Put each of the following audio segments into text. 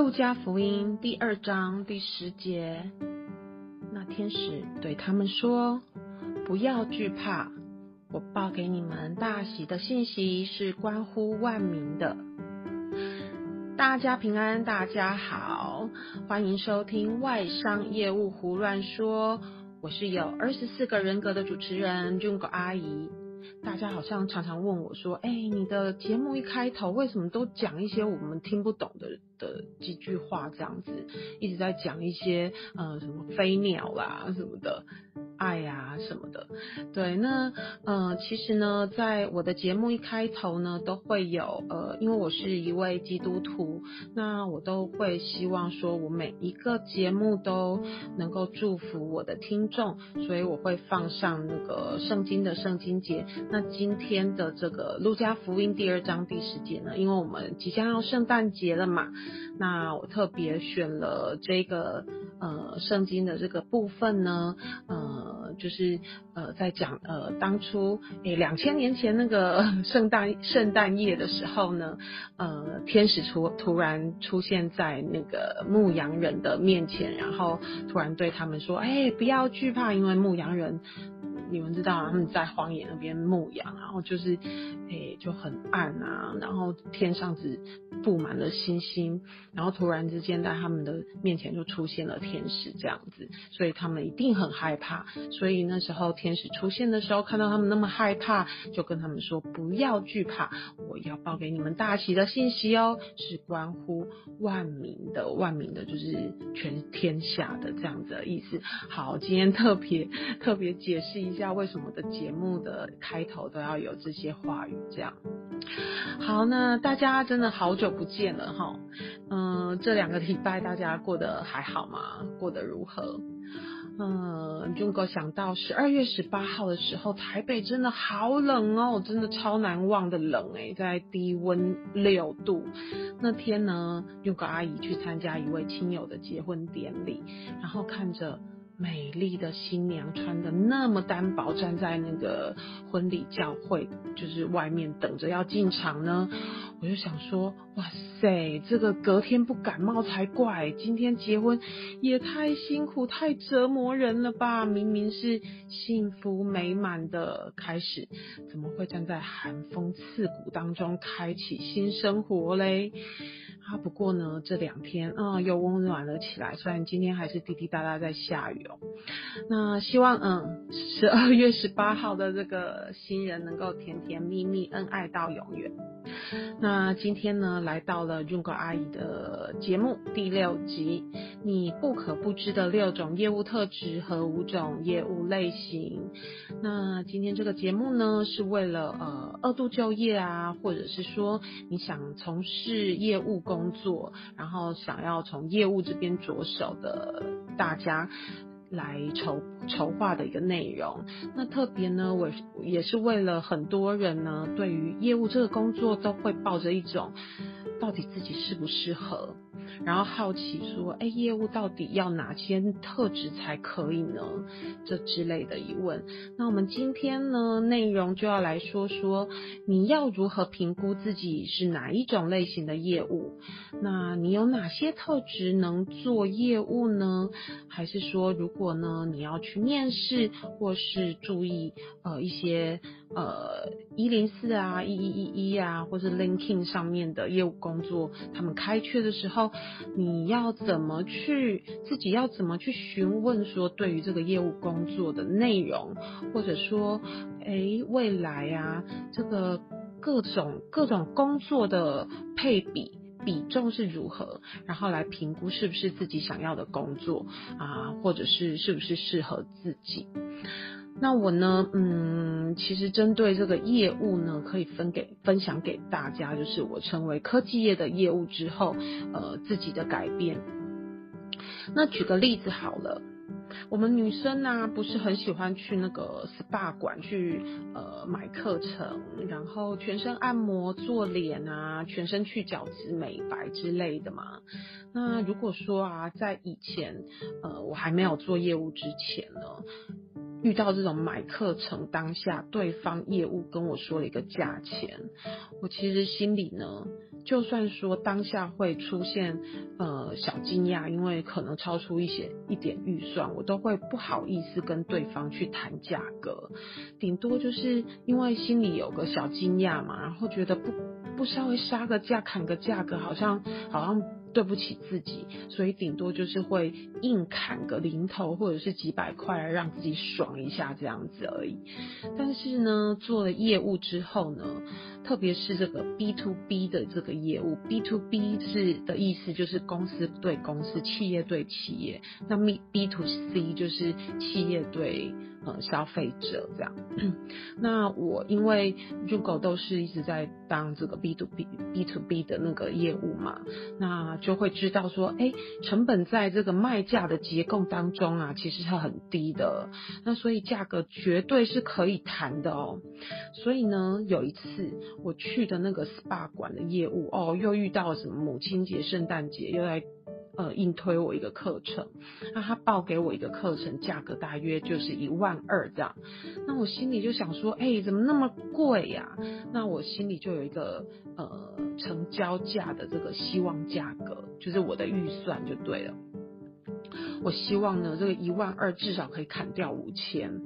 路加福音第二章第十節，那天使對他們說：“不要懼怕，我報給你們大喜的信息是關乎萬民的。”大家平安，大家好，歡迎收聽外商業務胡亂說。我是有二十四個人格的主持人 Junko 阿姨。大家好像常常問我說：“哎，你的節目一開頭為什麼都講一些我們聽不懂的？”的幾句話這樣子，一直在講一些呃什麼飛鳥啦、啊、什麼的愛啊什麼的，對，那呃其實呢，在我的節目一開頭呢，都會有呃，因為我是一位基督徒，那我都會希望說我每一個節目都能夠祝福我的聽眾，所以我會放上那個聖經的聖經節。那今天的這個路加福音第二章第十節呢，因為我們即將要聖誕節了嘛。那我特別選了這個呃聖經的這個部分呢，呃，就是呃在講呃當初誒兩千年前那個聖誕聖誕夜的時候呢，呃天使突突然出現在那個牧羊人的面前，然後突然對他們說：“哎、欸，不要懼怕，因為牧羊人。”你們知道，啊，他們在荒野那邊牧羊，然後就是，誒、欸，就很暗啊，然後天上只布滿了星星，然後突然之間在他們的面前就出現了天使這樣子，所以他們一定很害怕。所以那時候天使出現的時候，看到他們那麼害怕，就跟他們說：“不要懼怕，我要報給你們大喜的信息哦，是關乎萬民的，萬民的，就是全天下的這樣子的意思。”好，今天特別特別解釋一下。知道為什麼的節目的開頭都要有這些話語？這樣好呢，那大家真的好久不見了哈。嗯，這兩個禮拜大家過得還好嗎？過得如何？嗯，Junko 想到十二月十八號的時候，台北真的好冷哦，真的超難忘的冷哎、欸，在低溫六度那天呢，Junko 阿姨去參加一位親友的結婚典禮，然後看着。美麗的新娘穿得那麼單薄，站在那個婚禮教會就是外面等着要進場呢，我就想說，哇塞，這個隔天不感冒才怪！今天結婚也太辛苦太折磨人了吧？明明是幸福美滿的開始，怎麼會站在寒風刺骨當中開啟新生活嘞？啊，不過呢，這兩天啊，哦，又溫暖了起來，雖然今天還是滴滴答答在下雨哦。那希望嗯，十二月十八號的這個新人能夠甜甜蜜蜜，恩愛到永遠。那今天呢，來到了 Junko 阿姨的節目第六集，你不可不知的六種業務特質和五種業務類型。那今天這個節目呢，是為了呃，二度就業啊，或者是說你想從事業務工。工作，然後想要從業務這邊着手的大家來籌籌劃的一個內容。那特別呢，我也是為了很多人呢，對於業務這個工作都會抱着一種。到底自己適不適合？然後好奇說，哎，業務到底要哪些特質才可以呢？這之類的疑問。那我們今天呢，內容就要來說說，你要如何評估自己是哪一種類型的業務？那你有哪些特質能做業務呢？還是說，如果呢，你要去面試，或是注意呃一些？呃，一零四啊，一一一一啊，或者 LinkedIn 上面的業務工作，他們開缺的時候，你要怎麼去，自己要怎麼去詢問說，對於這個業務工作的內容，或者說，誒、欸、未來啊，這個各種各種工作的配比比重是如何，然後來評估是不是自己想要的工作啊，或者是是不是適合自己。那我呢，嗯，其實針對這個業務呢，可以分給分享給大家，就是我成為科技業的業務之後，呃，自己的改變。那舉個例子好了，我們女生呢、啊，不是很喜歡去那個 SPA 館去，呃，買課程，然後全身按摩、做臉啊，全身去角質、美白之類的嘛。那如果說啊，在以前，呃，我還沒有做業務之前呢。遇到這種買課程當下，對方業務跟我說了一個價錢，我其實心裡呢，就算說當下會出現呃，小驚訝，因為可能超出一些一點預算，我都會不好意思跟對方去談價格，頂多就是因為心裡有個小驚訝嘛，然後覺得不不稍微殺個價砍個價格，好像好像。對不起自己，所以頂多就是會硬砍個零頭，或者是幾百塊，來讓自己爽一下這樣子而已。但是呢，做了業務之後呢，特別是這個 B to B 的這個業務，B to B 是的意思就是公司對公司，企業對企業。那 B to C 就是企業對呃、嗯、消費者這樣。 那我因為 Google 都是一直在當這個 B to B B to B 的那個業務嘛，那。就會知道說，哎，成本在這個賣價的結構當中啊，其實是很低的。那所以價格絕對是可以談的哦。所以呢，有一次我去的那個 SPA 館的業務哦，又遇到什麼母親節、聖誕節，又來。呃，硬推我一個課程，那他報給我一個課程，價格大約就是一萬二這樣。那我心裡就想說，誒，怎麼那麼貴呀？那我心裡就有一個呃成交價的這個希望價格，就是我的預算就對了。我希望呢，這個一萬二至少可以砍掉五千。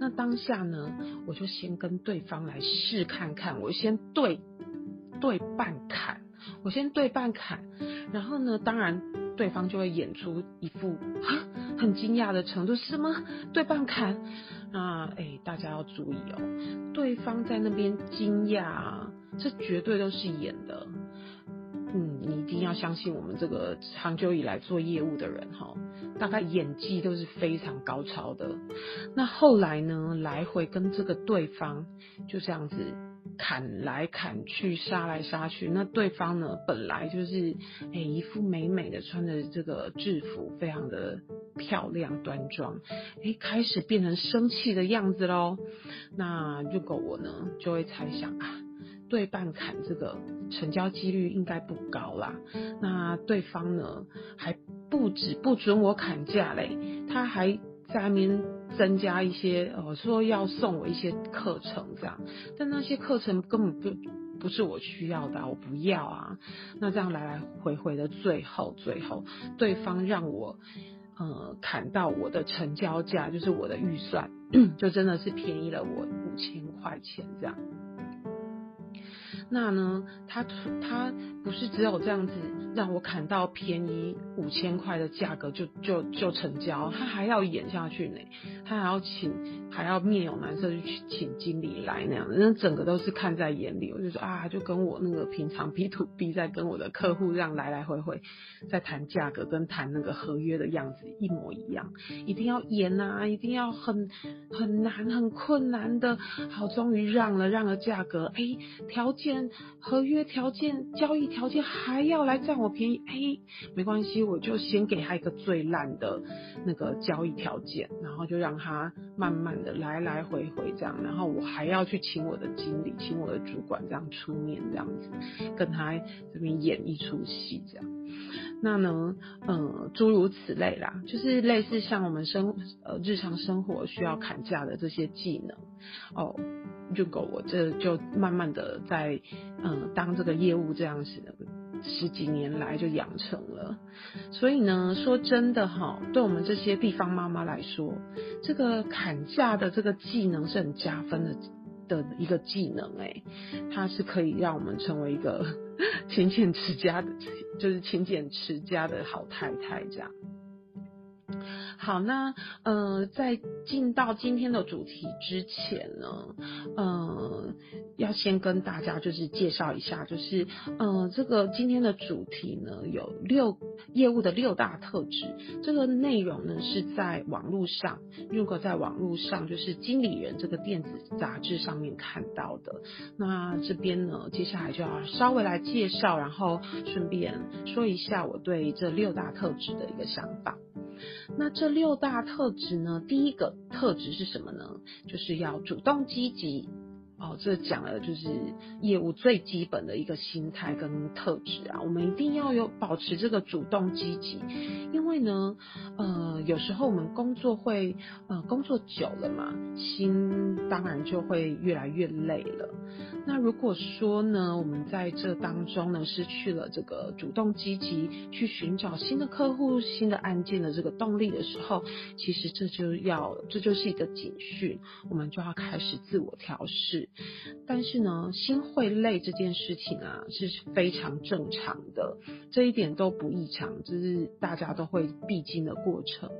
那當下呢，我就先跟對方來試看看，我先對對半砍，我先對半砍，然後呢，當然。對方就會演出一副很驚訝的程度，是嗎？對半砍。那哎、欸，大家要注意哦、喔，對方在那邊驚訝，這絕對都是演的。嗯，你一定要相信我們這個長久以來做業務的人哈、喔，大概演技都是非常高超的。那後來呢，來回跟這個對方就這樣子。砍來砍去，殺來殺去，那對方呢，本來就是、欸、一副美美的穿着這個制服，非常的漂亮端莊，哎、欸、開始變成生氣的樣子嘍。那如果我呢，就會猜想啊，對半砍這個成交機率應該不高啦。那對方呢，還不止不准我砍價嘞，他還。在那邊增加一些，呃、哦，說要送我一些課程，這樣，但那些課程根本不不是我需要的、啊，我不要啊。那這樣來來回回的，最後最後，對方讓我呃砍到我的成交價，就是我的預算， 就真的是便宜了我五千塊錢這樣。那呢？他他不是只有這樣子讓我砍到便宜五千塊的價格就就就成交，他還要演下去呢。他還要請，還要面有難色去請經理來那樣的，那整個都是看在眼裡。我就說啊，就跟我那個平常 B to B 在跟我的客戶這樣來來回回在談價格跟談那個合約的樣子一模一樣，一定要演啊，一定要很很難很困難的。好，終於讓了讓了價格，誒、欸，條件。合約條件、交易條件還要來占我便宜，哎、欸，沒關係，我就先給他一個最爛的那個交易條件，然後就讓他慢慢的來來回回這樣，然後我還要去請我的經理，請我的主管這樣出面，這樣子跟他這邊演一出戲這樣。那呢，嗯，諸如此類啦，就是類似像我們生呃日常生活需要砍價的這些技能哦。如果我這就慢慢的在嗯當這個業務這樣子的十幾年來就養成了，所以呢，說真的哈，對我們這些地方媽媽來說，這個砍價的這個技能是很加分的。的一個技能哎、欸，它是可以讓我們成為一個勤儉持家的，就是勤儉持家的好太太這樣。好，那呃，在進到今天的主題之前呢，呃，要先跟大家就是介紹一下，就是呃，這個今天的主題呢有六業務的六大特質，這個內容呢是在網絡上，如果在網絡上就是經理人這個電子雜誌上面看到的，那這邊呢，接下來就要稍微來介紹，然後順便說一下我對這六大特質的一個想法。那這六大特質呢，第一個特質是什麼呢？就是要主動積極。哦，這講了就是業務最基本的一個心態跟特質啊，我們一定要有保持這個主動積極，因為呢，呃，有時候我們工作會，呃，工作久了嘛，心當然就會越來越累了。那如果說呢，我們在這當中呢，失去了這個主動積極，去尋找新的客戶、新的案件，的這個動力的時候，其實這就要，這就是一個警訊，我們就要開始自我調試。但是呢，心會累這件事情啊，是非常正常的，這一點都不異常，這、就是大家都會必經的過程。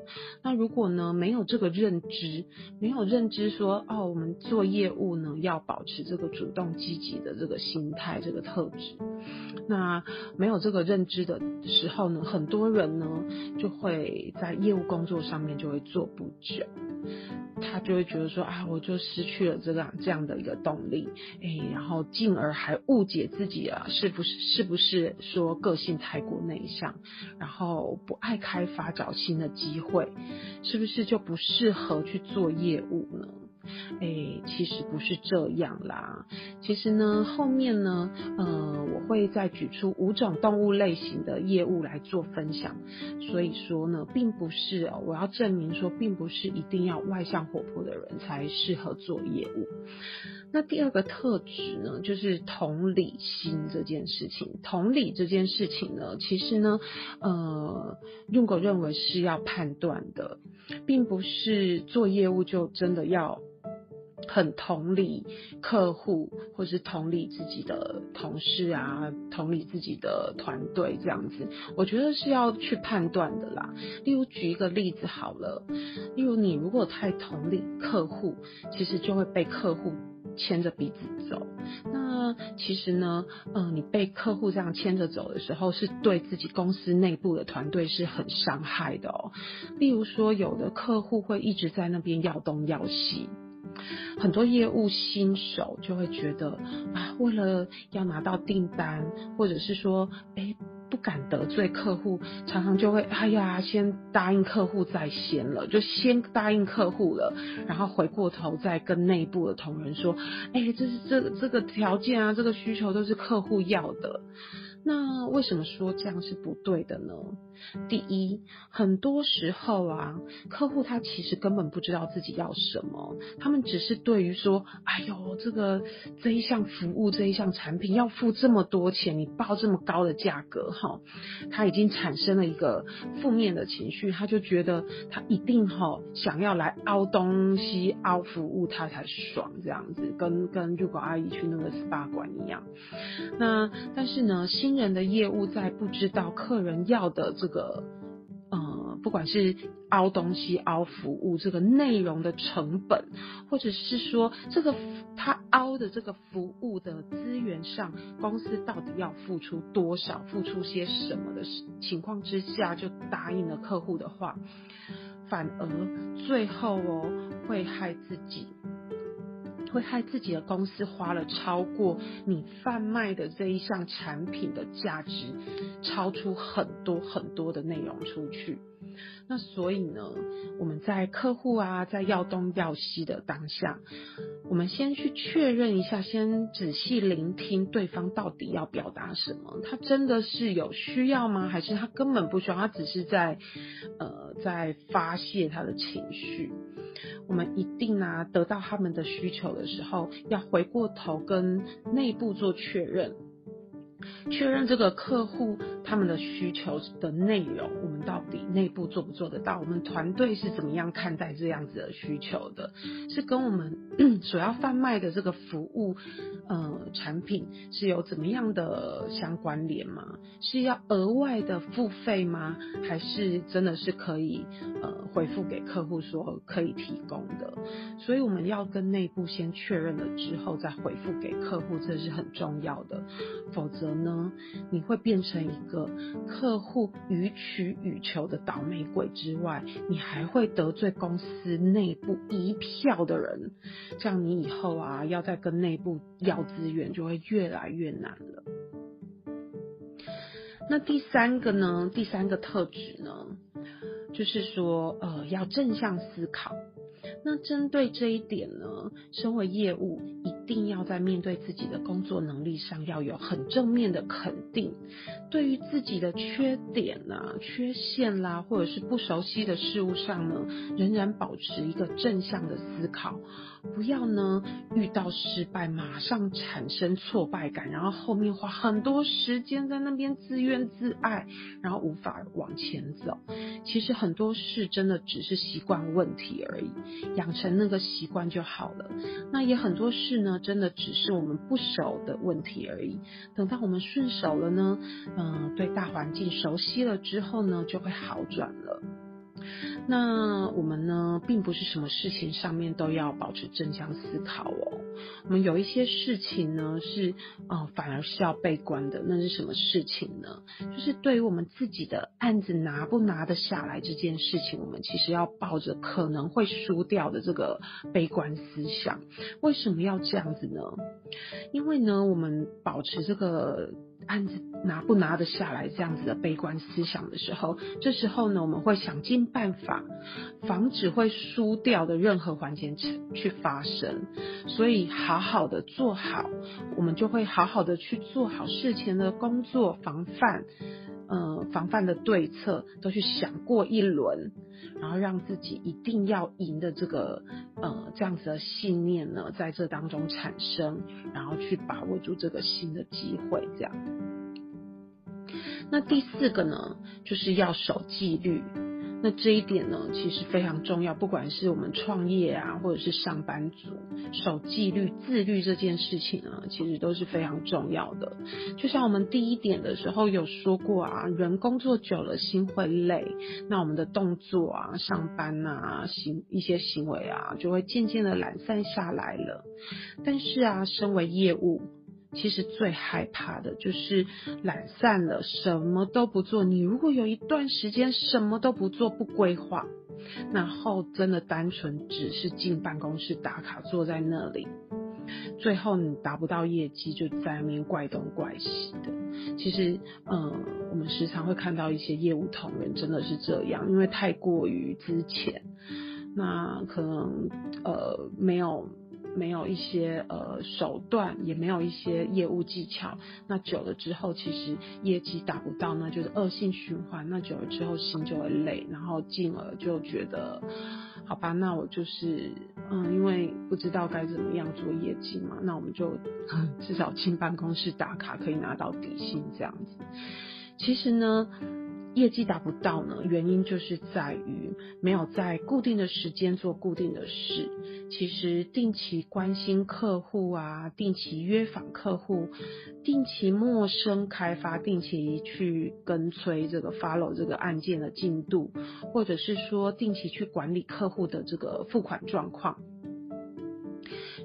那如果呢，沒有這個認知，沒有認知說哦，我們做業務呢，要保持這個主動積極的這個心態、這個特質，那沒有這個認知的時候呢，很多人呢就會在業務工作上面就會做不久，他就會覺得說啊、哎，我就失去了這個這樣的一個。動力，哎、欸，然後進而還誤解自己啊，是不是是不是說個性太過內向，然後不愛開發找新的機會，是不是就不適合去做業務呢？哎、欸，其實不是這樣啦。其實呢，後面呢，嗯、呃，我會再舉出五種動物類型的業務來做分享。所以說呢，並不是啊，我要證明說，並不是一定要外向活潑的人才適合做業務。那第二個特質呢，就是同理心這件事情。同理這件事情呢，其實呢，呃，用狗認為是要判斷的，並不是做業務就真的要很同理客戶，或是同理自己的同事啊，同理自己的團隊這樣子。我覺得是要去判斷的啦。例如舉一個例子好了，例如你如果太同理客戶，其實就會被客戶。牽着鼻子走，那其實呢，嗯，你被客戶這樣牽着走的時候，是對自己公司內部的團隊是很傷害的哦。例如說，有的客戶會一直在那邊要東要西，很多業務新手就會覺得啊，為了要拿到訂單，或者是說，誒。不敢得罪客戶，常常就會哎呀，先答應客戶在先了，就先答應客戶了，然後回過頭再跟內部的同仁說，哎、欸，這是這個，這個條件啊，這個需求都是客戶要的。那為什麼說這樣是不對的呢？第一，很多時候啊，客戶他其實根本不知道自己要什麼，他們只是對於說，哎呦，這個這一項服務、這一項產品要付這麼多錢，你報這麼高的價格，哈，他已經產生了一個負面的情緒，他就覺得他一定哈想要來凹東西、凹服務，他才爽，這樣子，跟跟如果阿姨去那個 SPA 館一樣。那但是呢，新人的業務在不知道客人要的。這個，嗯，不管是凹東西、凹服務，這個內容的成本，或者是說這個他凹的這個服務的資源上，公司到底要付出多少、付出些什麼的情況之下，就答應了客戶的話，反而最後哦會害自己。會害自己的公司花了超過你販賣的這一項產品的價值，超出很多很多的內容出去。那所以呢，我們在客戶啊，在要東要西的當下，我們先去確認一下，先仔細聆聽對方到底要表達什麼。他真的是有需要嗎？還是他根本不需要？他只是在，呃，在發洩他的情緒。我們一定啊，得到他們的需求的時候，要回過頭跟內部做確認。確認這個客戶他們的需求的內容，我們到底內部做不做得到？我們團隊是怎麼樣看待這樣子的需求的？是跟我們所要販賣的這個服務，嗯、呃，產品是有怎麼樣的相關聯嗎？是要額外的付費嗎？還是真的是可以呃回復給客戶說可以提供的？所以我們要跟內部先確認了之後再回復給客戶，這是很重要的，否則呢，你會變成一個客戶予取予求的倒霉鬼之外，你還會得罪公司內部一票的人，這樣你以後啊，要再跟內部要資源就會越來越難了。那第三個呢？第三個特質呢，就是說，呃，要正向思考。那針對這一點呢，身為業務。一定要在面對自己的工作能力上要有很正面的肯定，對於自己的缺點啊、缺陷啦、啊，或者是不熟悉的事物上呢，仍然保持一個正向的思考。不要呢，遇到失敗，馬上產生挫敗感，然後後面花很多時間在那邊自怨自艾，然後無法往前走。其實很多事真的只是習慣問題而已，養成那個習慣就好了。那也很多事呢，真的只是我們不熟的問題而已。等到我們順手了呢，嗯、呃，對大環境熟悉了之後呢，就會好轉了。那我們呢，並不是什麼事情上面都要保持正向思考哦。我們有一些事情呢，是啊、呃，反而是要悲觀的。那是什麼事情呢？就是對於我們自己的案子拿不拿得下來這件事情，我們其實要抱着可能會輸掉的這個悲觀思想。為什麼要這樣子呢？因為呢，我們保持這個。案子拿不拿得下來，這樣子的悲觀思想的時候，這時候呢，我們會想盡辦法防止會輸掉的任何環節去發生，所以好好的做好，我們就會好好的去做好事前的工作防範。呃、嗯，防範的對策都去想過一輪，然後讓自己一定要贏的這個呃、嗯、這樣子的信念呢，在這當中產生，然後去把握住這個新的機會，這樣。那第四個呢，就是要守紀律。那這一點呢，其實非常重要。不管是我們創業啊，或者是上班族，守紀律、自律這件事情啊，其實都是非常重要的。就像我們第一點的時候有說過啊，人工作久了心會累，那我們的動作啊、上班啊、行一些行為啊，就會漸漸的懶散下來了。但是啊，身為業務，其實最害怕的就是懶散了，什麼都不做。你如果有一段時間什麼都不做，不規劃，然後真的單純只是進辦公室打卡，坐在那裡，最後你達不到業績，就在那邊怪東怪西的。其實，呃，我們時常會看到一些業務同仁真的是這樣，因為太過於之前，那可能呃沒有。沒有一些呃手段，也沒有一些業務技巧，那久了之後，其實業績達不到，那就是惡性循環。那久了之後，心就會累，然後進而就覺得，好吧，那我就是嗯，因為不知道該怎麼樣做業績嘛，那我們就至少進辦公室打卡可以拿到底薪這樣子。其實呢。業績達不到呢，原因就是在於沒有在固定的時間做固定的事。其實定期關心客戶啊，定期約訪客戶，定期陌生開發，定期去跟催這個 follow 這個案件的進度，或者是說定期去管理客戶的這個付款狀況，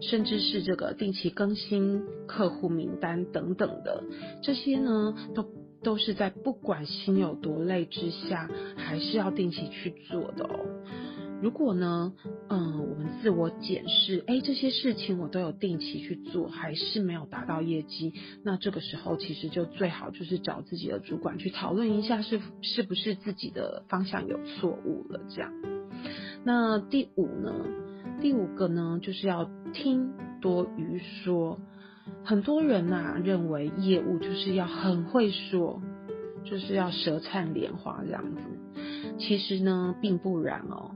甚至是這個定期更新客戶名單等等的，這些呢都。都是在不管心有多累之下，還是要定期去做的哦。如果呢，嗯，我們自我檢視，誒，這些事情我都有定期去做，還是沒有達到業績，那這個時候其實就最好就是找自己的主管去討論一下是，是是不是自己的方向有錯誤了這樣。那第五呢，第五個呢，就是要聽多於說。很多人吶、啊、認為業務就是要很會說，就是要舌燦蓮花這樣子。其實呢，並不然哦、喔。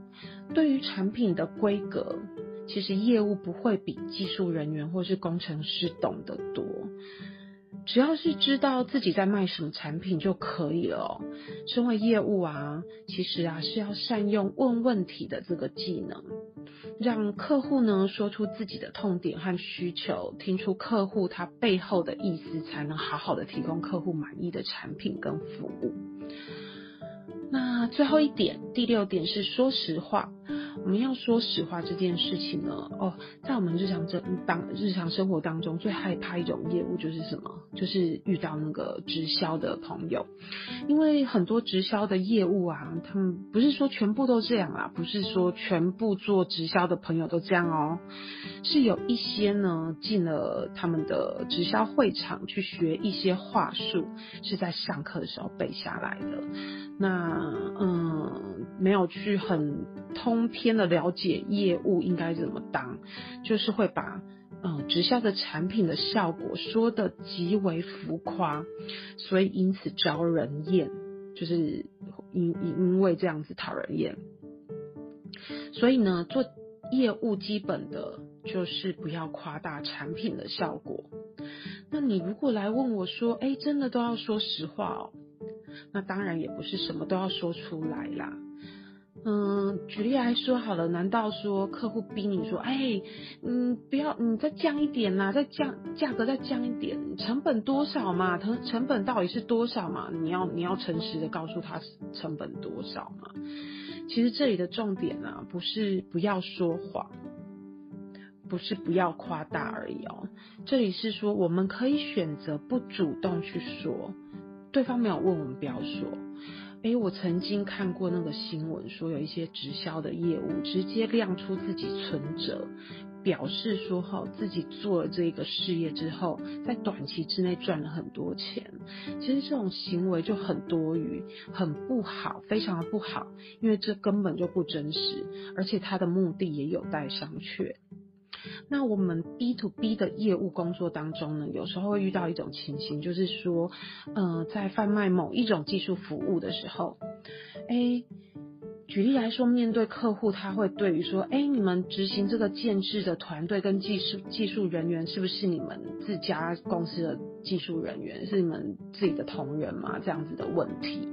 對於產品的規格，其實業務不會比技術人員或是工程師懂得多。只要是知道自己在賣什麼產品就可以了喔。身為業務啊，其實啊，是要善用問問題的這個技能。讓客戶呢說出自己的痛點和需求，聽出客戶他背後的意思，才能好好的提供客戶滿意的產品跟服務。那最後一點，第六點是說實話，我們要說實話這件事情呢。哦，在我們日常當日常生活當中，最害怕一種業務就是什麼？就是遇到那個直銷的朋友，因為很多直銷的業務啊，他們不是說全部都這樣啦，不是說全部做直銷的朋友都這樣哦，是有一些呢進了他們的直銷會場去學一些話術，是在上課的時候背下來的。那。嗯，沒有去很通天的了解業務應該怎麼當，就是會把嗯直銷的產品的效果說得極為浮誇，所以因此招人厭，就是因為因為這樣子討人厭，所以呢做業務基本的就是不要誇大產品的效果。那你如果來問我說，哎，真的都要說實話哦。那當然也不是什麼都要說出來啦。嗯，舉例來說好了，難道說客戶逼你說，哎，嗯，不要，你再降一點啦，再降，價格再降一點，成本多少嘛？成成本到底是多少嘛？你要你要誠實的告訴他成本多少嘛？其實這裡的重點啊，不是不要說謊，不是不要誇大而已哦。這裡是說我們可以選擇不主動去說。對方沒有問我們，不要說。哎、欸，我曾經看過那個新聞，說有一些直銷的業務直接亮出自己存折，表示說哈、哦，自己做了這個事業之後，在短期之內賺了很多錢。其實這種行為就很多餘，很不好，非常的不好，因為這根本就不真實，而且他的目的也有待商榷。那我們 B to B 的業務工作當中呢，有時候會遇到一種情形，就是說，呃，在販賣某一種技術服務的時候，哎，舉例來說，面對客戶，他會對於說，哎，你們執行這個建制的團隊跟技術技術人員，是不是你們自家公司的技術人員，是你們自己的同仁嘛？這樣子的問題。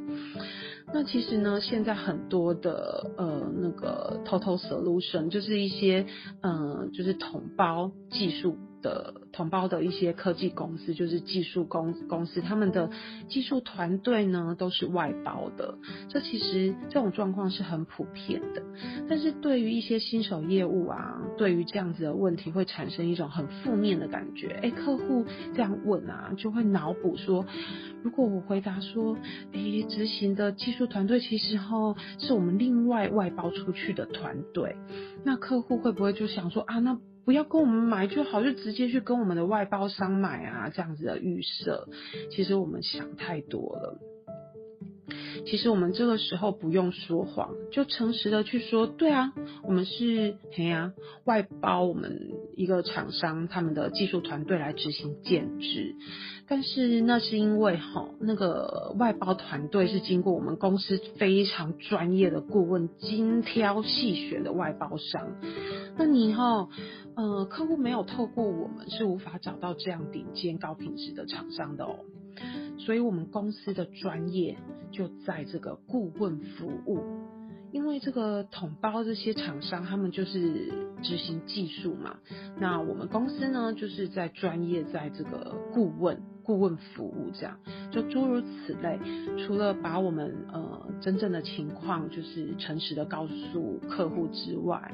那其實呢，現在很多的呃，那個 total solution 就是一些，嗯、呃，就是統包技術。的同胞的一些科技公司，就是技術公司公司，他們的技術團隊呢，都是外包的。這其實這種狀況是很普遍的。但是對於一些新手業務啊，對於這樣子的問題會產生一種很負面的感覺。誒，客戶這樣問啊，就會腦補說，如果我回答說，誒，執行的技術團隊其實哈是我們另外外包出去的團隊，那客戶會不會就想說啊，那，不要跟我們買就好，就直接去跟我們的外包商買啊，這樣子的預設，其實我們想太多了。其實我們這個時候不用說謊，就誠實的去說，對啊，我們是嘿啊，外包我們一個廠商，他們的技術團隊來執行建置，但是那是因為哈、哦，那個外包團隊是經過我們公司非常專業的顧問精挑細選的外包商，那你哈、哦呃，客戶沒有透過我們是無法找到這樣頂尖高品質的廠商的哦。所以我們公司的專業就在這個顧問服務，因為這個統包這些廠商，他們就是執行技術嘛，那我們公司呢，就是在專業在這個顧問。顧問服務這樣，就諸如此類。除了把我們呃真正的情況，就是誠實的告訴客戶之外，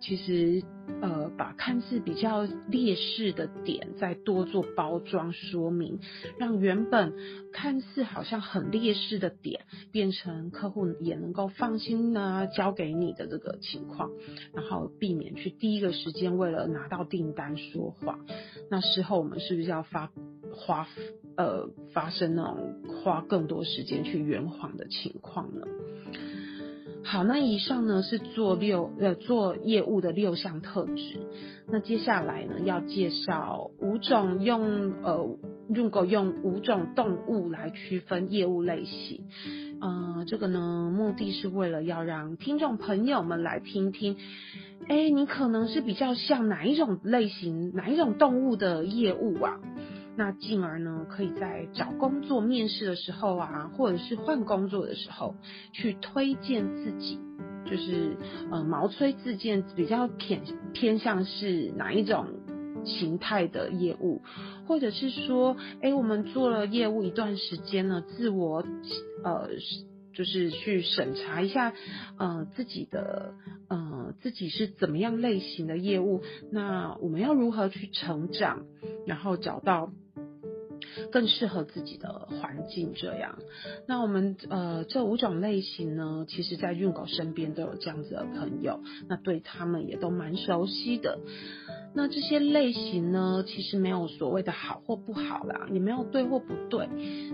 其實呃把看似比較劣勢的點，再多做包裝說明，讓原本看似好像很劣勢的點，變成客戶也能夠放心呢、啊、交給你的這個情況，然後避免去第一個時間為了拿到訂單說謊。那事後我們是不是要發？花呃發生那種花更多時間去圓謊的情況呢？好，那以上呢是做六呃做業務的六項特質。那接下來呢要介紹五種用呃如果用五種動物來區分業務類型。嗯、呃，這個呢目的是為了要讓聽眾朋友們來聽聽，誒、欸、你可能是比較像哪一種類型，哪一種動物的業務啊？那進而呢，可以在找工作面試的時候啊，或者是換工作的時候，去推薦自己，就是呃毛遂自薦，比較偏偏向是哪一種形態的業務，或者是說，哎、欸，我們做了業務一段時間了，自我呃就是去審查一下，呃自己的呃，自己是怎麼樣類型的業務，那我們要如何去成長？然後找到更適合自己的環境，這樣。那我們呃，這五種類型呢，其實在潤口身邊都有這樣子的朋友，那對他們也都蠻熟悉的。那這些類型呢，其實沒有所謂的好或不好啦，也沒有對或不對，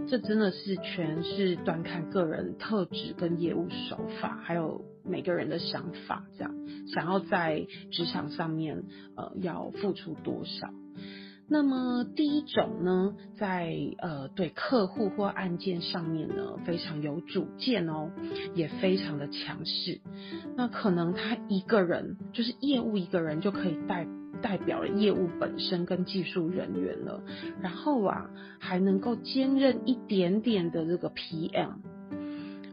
這真的是全是端看個人特質跟業務手法，還有每個人的想法，這樣，想要在職場上面呃，要付出多少。那麼第一種呢，在呃對客戶或案件上面呢，非常有主見哦，也非常的強勢。那可能他一個人就是業務一個人就可以代代表了業務本身跟技術人員了。然後啊，還能夠兼任一點點的這個 PM，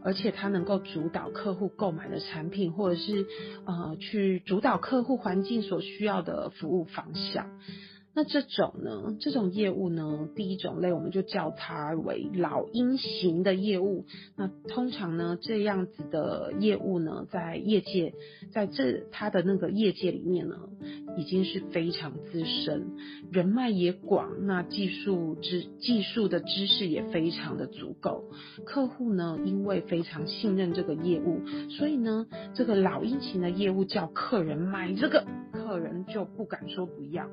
而且他能夠主導客戶購買的產品，或者是呃去主導客戶環境所需要的服務方向。那這種呢，這種業務呢，第一種類我們就叫它為老鷹型的業務。那通常呢，這樣子的業務呢，在業界，在這它的那個業界裡面呢，已經是非常資深，人脈也廣，那技術知技術的知識也非常的足夠。客戶呢，因為非常信任這個業務，所以呢，這個老鷹型的業務叫客人買這個，客人就不敢說不要。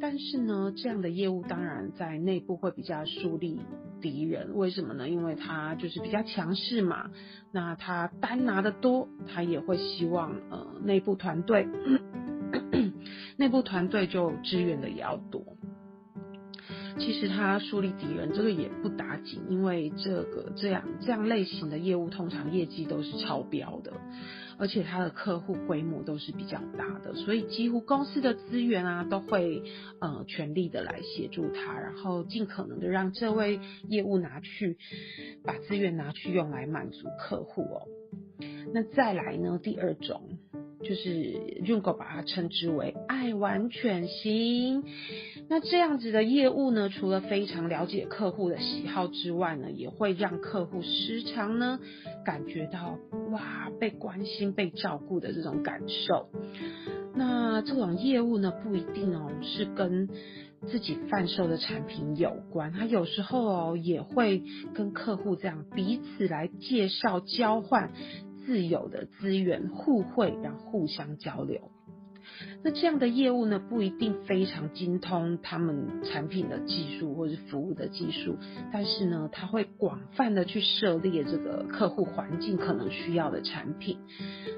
但是呢，這樣的業務當然在內部會比較樹立敵人。為什麼呢？因為他就是比較強勢嘛，那他單拿的多，他也會希望呃內部團隊，內、嗯、 內部團隊就支援的也要多。其實他樹立敵人這個也不打緊，因為這個這樣這樣類型的業務通常業績都是超標的。而且他的客戶規模都是比較大的，所以幾乎公司的資源啊都會呃全力的來協助他，然後盡可能的讓這位業務拿去把資源拿去用來滿足客戶哦。那再來呢，第二種就是用 u 把它稱之為愛完全型。那這樣子的業務呢，除了非常了解客戶的喜好之外呢，也會讓客戶時常呢感覺到哇，被關心、被照顧的這種感受。那這種業務呢，不一定哦，是跟自己販售的產品有關，它有時候哦，也會跟客戶這樣彼此來介紹、交換自有的資源，互惠，然後互相交流。那這樣的業務呢，不一定非常精通他們產品的技術或者是服務的技術，但是呢，他會廣泛的去涉獵這個客戶環境可能需要的產品。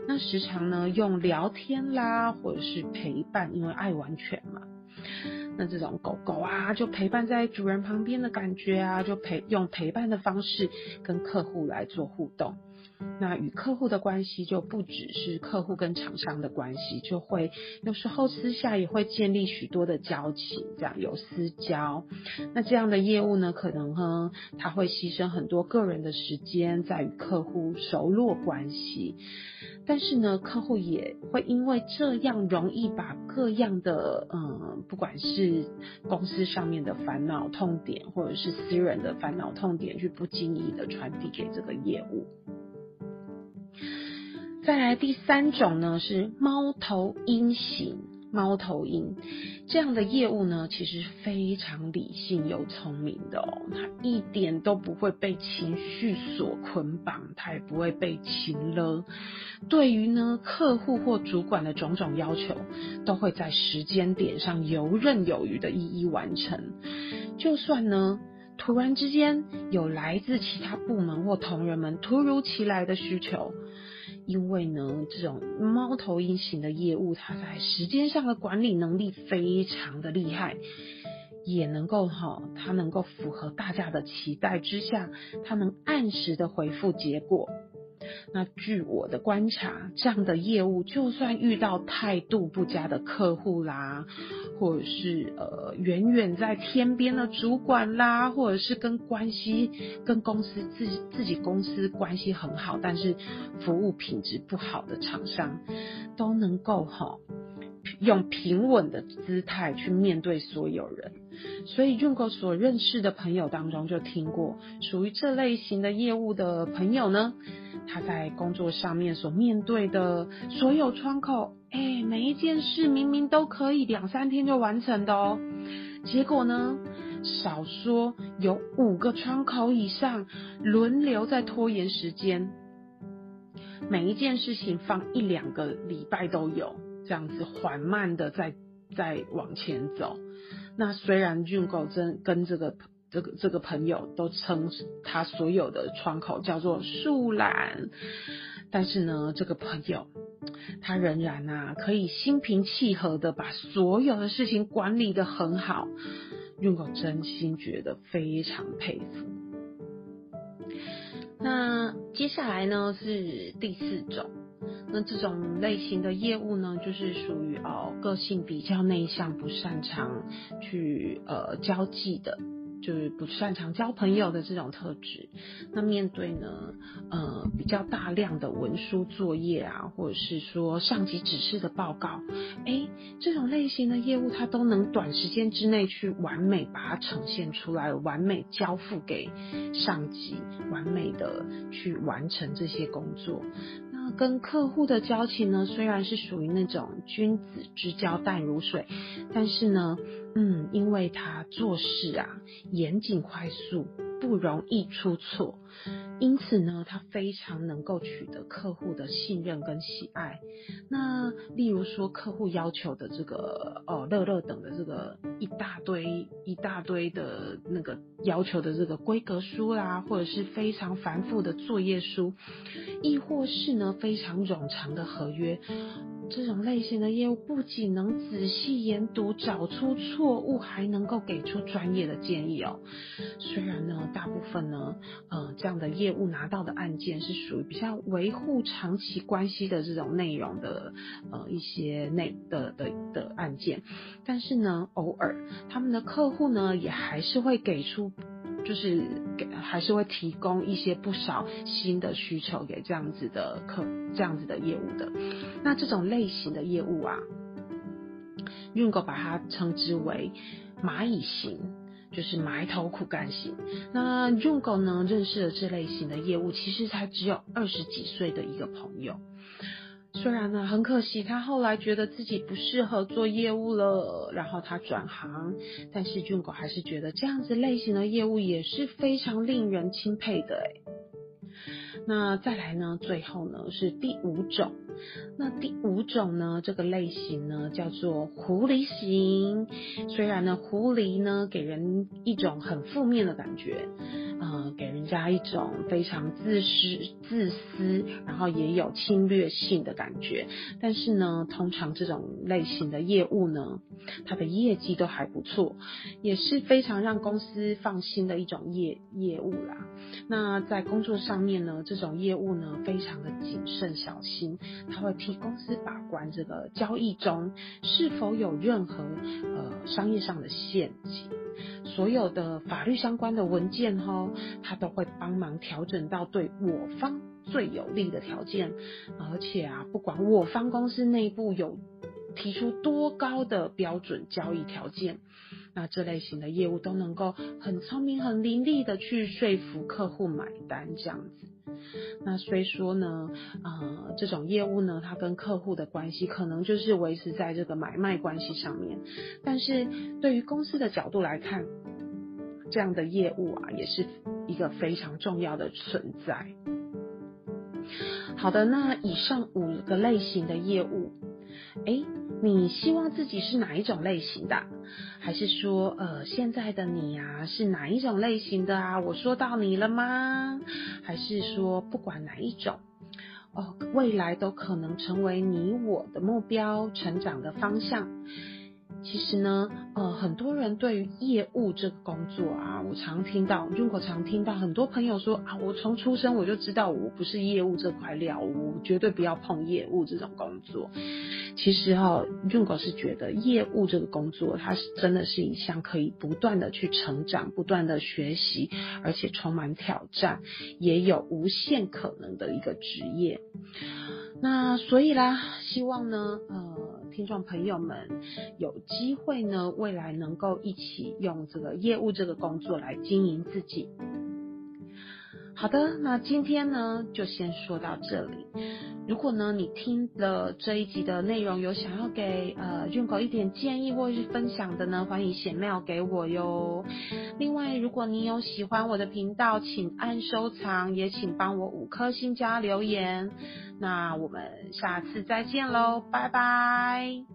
那時常呢用聊天啦，或者是陪伴，因為愛玩犬嘛。那這種狗狗啊，就陪伴在主人旁邊的感覺啊，就陪用陪伴的方式跟客戶來做互動。那與客戶的關係就不只是客戶跟廠商的關係，就會有時候私下也會建立許多的交情，這樣有私交。那這樣的業務呢，可能哈他會犧牲很多個人的時間在與客戶熟絡關係，但是呢，客戶也會因為這樣容易把各樣的嗯，不管是公司上面的煩惱痛點，或者是私人的煩惱痛點，去不經意的傳遞給這個業務。再來第三種呢，是貓頭鷹型貓頭鷹，這樣的業務呢，其實非常理性、又聰明的哦、喔。它一點都不會被情緒所捆綁，它也不會被情勒。對於呢客戶或主管的種種要求，都會在時間點上遊刃有餘的一一完成。就算呢突然之間有來自其他部門或同仁們突如其來的需求，因為呢，這種貓頭鷹型的業務，它在時間上的管理能力非常的厲害，也能夠哈、哦，它能夠符合大家的期待之下，它能按時的回復結果。那據我的觀察，這樣的業務就算遇到態度不佳的客戶啦，或者是呃遠遠在天邊的主管啦，或者是跟關係跟公司自己自己公司關係很好，但是服務品質不好的廠商，都能夠哈、哦、用平穩的姿態去面對所有人。所以，Junko 所認識的朋友當中就聽過屬於這類型的業務的朋友呢。他在工作上面所面對的所有窗口，哎、欸，每一件事明明都可以兩三天就完成的哦，結果呢，少說有五個窗口以上輪流在拖延時間，每一件事情放一兩個禮拜都有，這樣子緩慢的在在往前走。那雖然 Junko 真跟這個。這個這個朋友都稱他所有的窗口叫做樹懶，但是呢，這個朋友他仍然啊可以心平氣和的把所有的事情管理得很好，用我真心覺得非常佩服。那接下來呢是第四種，那這種類型的業務呢，就是屬於哦個性比較內向，不擅長去呃交際的。就是不擅長交朋友的這種特質，那面對呢，呃，比較大量的文書作業啊，或者是說上級指示的報告，哎、欸，這種類型的業務，它都能短時間之內去完美把它呈現出來，完美交付給上級，完美的去完成這些工作。跟客戶的交情呢，雖然是屬於那種君子之交淡如水，但是呢，嗯，因為他做事啊，嚴謹快速，不容易出錯。因此呢，他非常能夠取得客戶的信任跟喜愛。那例如說，客戶要求的這個哦，樂樂等的這個一大堆、一大堆的那個要求的這個規格書啦，或者是非常繁複的作業書，亦或是呢非常冗長的合約。這種類型的業務不僅能仔細研讀，找出錯誤，還能夠給出專業的建議哦。雖然呢，大部分呢，呃，這樣的業務拿到的案件是屬於比較維護長期關係的這種內容的，呃，一些內的的的，的案件，但是呢，偶爾他們的客戶呢，也還是會給出。就是給還是會提供一些不少新的需求給這樣子的客，這樣子的業務的，那這種類型的業務啊，Junko 把它稱之為螞蟻型，就是埋頭苦幹型。那 Junko 呢，認識了這類型的業務，其實他只有二十幾歲的一個朋友。雖然呢，很可惜，他後來覺得自己不適合做業務了，然後他轉行，但是 Junko 還是覺得這樣子類型的業務也是非常令人欽佩的哎。那再來呢，最後呢，是第五種。那第五種呢，這個類型呢叫做狐狸型。雖然呢，狐狸呢給人一種很負面的感覺，呃，給人家一種非常自私、自私，然後也有侵略性的感覺。但是呢，通常這種類型的業務呢，它的業績都還不錯，也是非常讓公司放心的一種業業務啦。那在工作上面呢，這種業務呢，非常的謹慎小心，他會替公司把關這個交易中是否有任何呃商業上的陷阱，所有的法律相關的文件哈、哦，他都會幫忙調整到對我方最有利的條件，而且啊，不管我方公司內部有提出多高的標準交易條件，那這類型的業務都能夠很聰明、很伶俐的去說服客戶買單，這樣子。那雖說呢，呃，這種業務呢，它跟客戶的關係可能就是維持在這個買賣關係上面，但是對於公司的角度來看，這樣的業務啊，也是一個非常重要的存在。好的，那以上五個類型的業務。誒，你希望自己是哪一種類型的？還是說，呃，現在的你啊，是哪一種類型的啊？我說到你了嗎？還是說，不管哪一種，哦，未來都可能成為你我的目標、成長的方向。其實呢，呃，很多人對於業務這個工作啊，我常聽到 Junko 常聽到很多朋友說啊，我從出生我就知道我不是業務這塊料，我絕對不要碰業務這種工作。其實哈、哦，Junko 是覺得業務這個工作，它是真的是一項可以不斷的去成長、不斷的學習，而且充滿挑戰，也有無限可能的一個職業。那所以啦，希望呢，呃。聽眾朋友們，有機會呢，未來能夠一起用這個業務這個工作來經營自己。好的，那今天呢就先說到這裡。如果呢你聽了這一集的內容，有想要給呃潤口一點建議或是分享的呢，歡迎寫 mail 給我喲。另外，如果你有喜歡我的頻道，請按收藏，也請幫我五顆星加留言。那我們下次再見嘍，拜拜。